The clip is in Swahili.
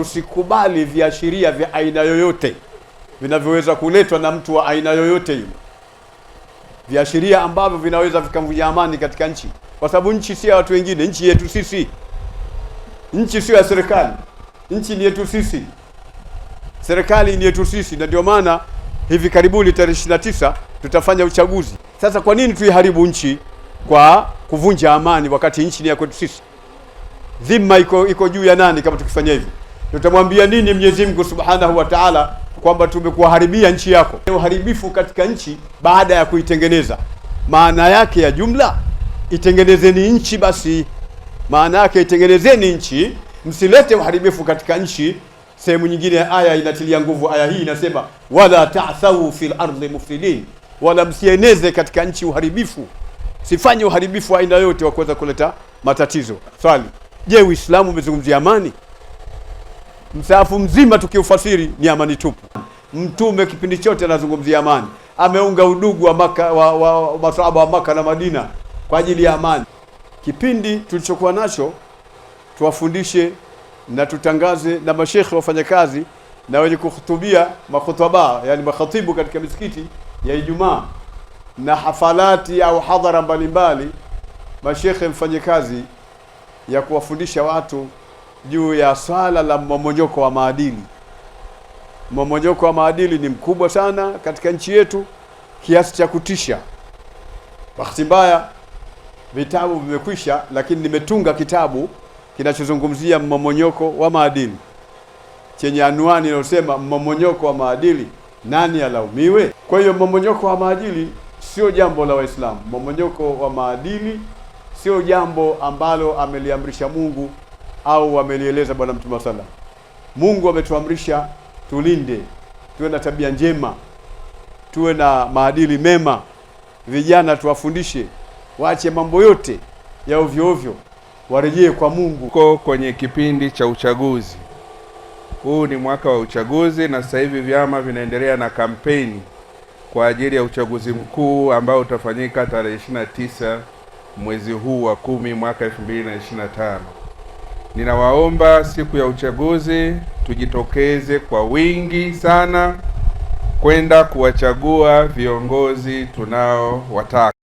Tusikubali viashiria vya aina yoyote vinavyoweza kuletwa na mtu wa aina yoyote yule, viashiria ambavyo vinaweza vikavunja amani katika nchi, kwa sababu nchi si ya watu wengine, nchi yetu sisi. Nchi sio ya serikali, nchi ni yetu sisi, serikali ni yetu sisi. Na ndio maana hivi karibuni tarehe 29 tutafanya uchaguzi. Sasa kwa nini tuiharibu nchi kwa kuvunja amani, wakati nchi ni ya kwetu sisi? Dhima iko iko juu ya nani kama tukifanya hivi? tutamwambia nini Mwenyezi Mungu Subhanahu wa Ta'ala kwamba tumekuharibia nchi yako. Uharibifu katika nchi baada ya kuitengeneza, maana yake ya jumla, itengenezeni nchi basi. Maana yake itengenezeni nchi, msilete uharibifu katika nchi. Sehemu nyingine ya aya inatilia nguvu aya hii, inasema wala ta'thau fil ardi mufsidin, wala msieneze katika nchi uharibifu. Sifanye uharibifu aina yote wa kuweza kuleta matatizo. Swali, je, Uislamu umezungumzia amani? Msaafu mzima tukiufasiri ni amani tupu. Mtume kipindi chote anazungumzia amani, ameunga udugu wa Maka, wa, wa, masahaba wa Maka na Madina kwa ajili ya amani. Kipindi tulichokuwa nacho tuwafundishe na tutangaze, na mashekhe wafanyakazi na wenye kuhutubia makhutaba, yani makhatibu katika misikiti ya Ijumaa na hafalati au hadhara mbalimbali, mashekhe mfanye kazi ya kuwafundisha watu juu ya swala la mmomonyoko wa maadili. Mmomonyoko wa maadili ni mkubwa sana katika nchi yetu kiasi cha kutisha. Bahati mbaya vitabu vimekwisha, lakini nimetunga kitabu kinachozungumzia mmomonyoko wa maadili chenye anwani inayosema mmomonyoko wa maadili, nani alaumiwe? Kwa hiyo mmomonyoko wa maadili sio jambo la Waislamu. Mmomonyoko wa maadili sio jambo ambalo ameliamrisha Mungu au wamelieleza Bwana Mtume wa sala. Mungu ametuamrisha tulinde, tuwe na tabia njema, tuwe na maadili mema. Vijana tuwafundishe waache mambo yote ya ovyo ovyo, warejee kwa Mungu. Uko kwenye kipindi cha uchaguzi, huu ni mwaka wa uchaguzi, na sasa hivi vyama vinaendelea na kampeni kwa ajili ya uchaguzi mkuu ambao utafanyika tarehe 29 mwezi huu wa kumi mwaka 2025 ninawaomba siku ya uchaguzi tujitokeze kwa wingi sana kwenda kuwachagua viongozi tunaowataka.